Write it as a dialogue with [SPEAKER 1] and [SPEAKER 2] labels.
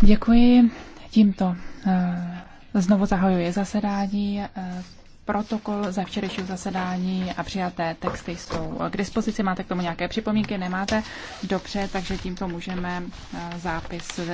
[SPEAKER 1] Děkuji. Tímto eh, znovu zahajuji zasedání. Eh, protokol za včerejšího zasedání a přijaté texty jsou k dispozici. Máte k tomu nějaké připomínky? Nemáte? Dobře, takže tímto můžeme eh, zápis